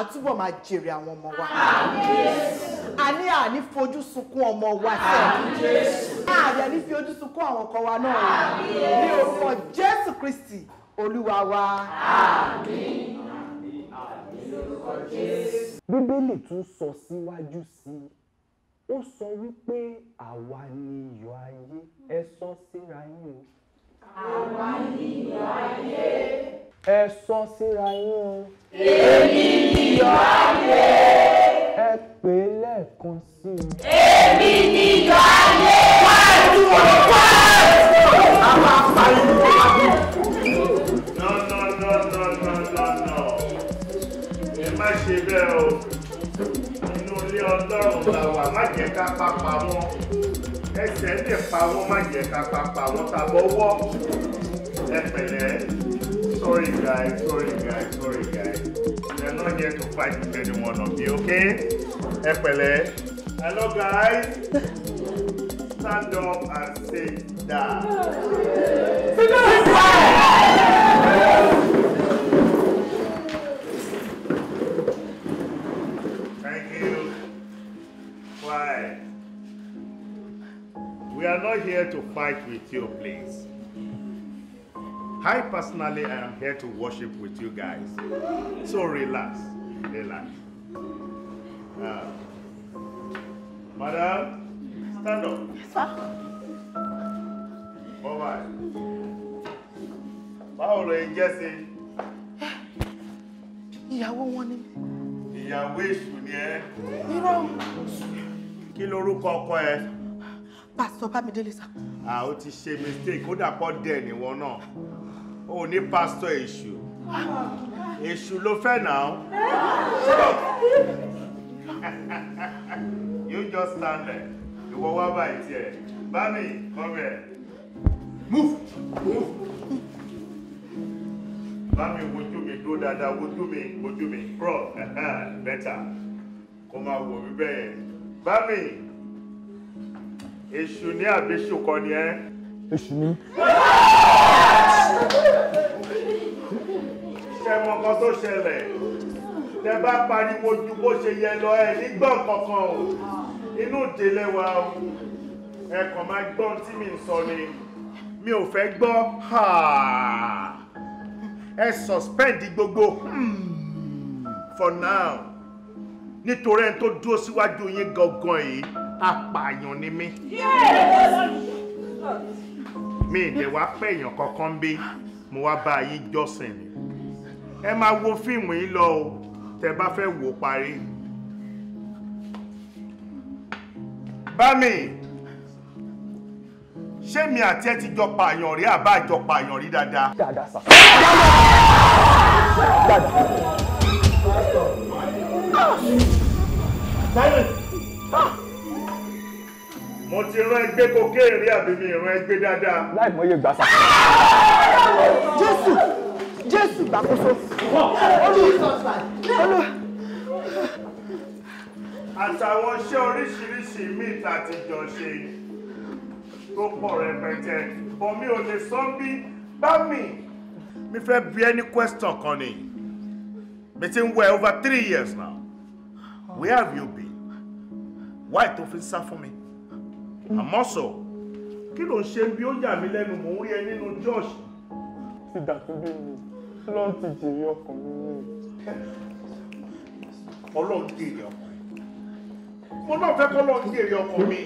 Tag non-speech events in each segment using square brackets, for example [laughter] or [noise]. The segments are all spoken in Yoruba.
a túbọ̀ máa jèrè àwọn ọmọ wa. a ní àní fojú sunkún ọmọ wa sẹ́ẹ̀. a yẹ ní fi ojú sunkún àwọn ọkọ wa náà ní orúkọ Jésù Kristi Olúwa wa. àmín lórúkọ Jésù. Bíbélì tún sọ síwájú sí i ó sọ wípé àwa ni iyọ̀ ayé ẹ sọ síra yín o. àwa ni iyọ̀ ayé. ẹ sọ síra yín o èmi ni Yọ̀ádé. ẹ pè é lẹ́ẹ̀kan sí i. èmi ni Yọ̀ádé. wá ẹ̀dùn wọn wá a máa parí ní wájú. no no no no no no no ẹ má ṣe bẹ́ẹ̀ o inú ilé ọlọ́run la wà má jẹ́ ká pápá wọn ẹsẹ̀ lè pa wọ́n má jẹ́ ká pápá wọn tàbọ̀ wọ́ ẹ pẹ̀lẹ́ sorry guys sorry guys here to fight with anyone of you, okay? Ẹ Hello, guys. Stand up and say that. Thank you. Why? We are not here to fight with you, please. I personally I am here to worship with you guys. So relax, relax. Uh, madam, stand up. Yes, sir. bye bye. Báwo ló ń jẹ́ sí? Ìyàwó wọn ni. Ìyàwó èṣù ni ẹ́. Irọ́. Kí lorúkọ ọkọ ẹ? Pásítọ̀ Bámidélé sá. À ó ti ṣe mistake, ó dàpọ̀ dẹ̀ ni wọn náà o ní pásítọ̀ èṣù èṣù ló fẹ́ náà [laughs] you just stand there You ìwọ wá báyìí tiẹ̀ bámi come here move move bámi wojú mi dúró dáadáa wojú mi wojú mi bro [laughs] better kó máa wò be bẹ́ẹ̀ bámi èṣù ní àbí ṣùkọ ni ẹ. èṣù ni ṣe mọ kan tó ṣẹlẹ̀ tẹ bá pariwo ju bó ṣe yẹ lọ ẹ nígbọ̀n kankan o inú ìdílé wa o ẹ kàn máa gbọ́n tí mi ń sọ ni mi ò fẹ́ gbọ́ ẹ suspend gbogbo hmm. for now nítorí ẹni tó dúró síwájú yín gangan yìí apààyàn ni mí. Yes! mi ìdẹ̀ wá pẹ̀yàn kankan bí mo wá bá yín jọ́sìn ni ẹ máa wo fíìmù yìí lọ o tẹ bá fẹ́ wò parí. bámi ṣé mi àti ẹ ti jọ pààyàn rí àbá àjọ pààyàn rí dáadáa. dáadáa sà. dáadáa. dáadáa mo ti rán ẹgbẹ́ kó kéèrè àbí mi rán ẹgbẹ́ dáadáa. láì mọye gbà sá. jésù jésù gbàkóso olú àtàwọn iṣẹ́ oríṣiríṣi míì tá a ti jọ ṣe tó pọ̀ rẹpẹtẹ bọ̀ mi ò lè sọ bí bá mi. mi fẹ́ bi ẹni question kan ni mi ti ń wẹ̀ over three years now where have you been why tó fi ń sá fún mi. Mm. àmọ́ sọ kí ló ń ṣe bí ó yà mí lẹ́nu mò ń rí ẹ nínú church. ti dàtúndé mi lọ́n ti jèrè ọkàn mi ní. ọlọ́run jèrè ọkàn mo náà fẹ́ kọ́ lọ́run jèrè ọkàn mi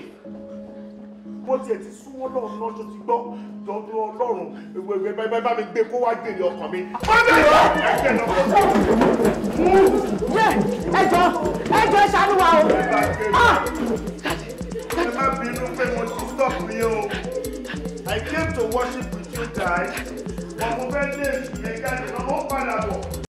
bó tiẹ̀ ti súnmọ́ lọ́run náà tó ti gbọ́ dọ́dún ọlọ́run ìwé ìwé bá mi gbé kó wá jèrè ọkàn mi. ẹjọ́ ẹjọ́ ṣàánú wa o. ní kùtù dàí ọmọ bẹ́ẹ̀ lè fi yẹn jáde ọmọ padà bọ̀.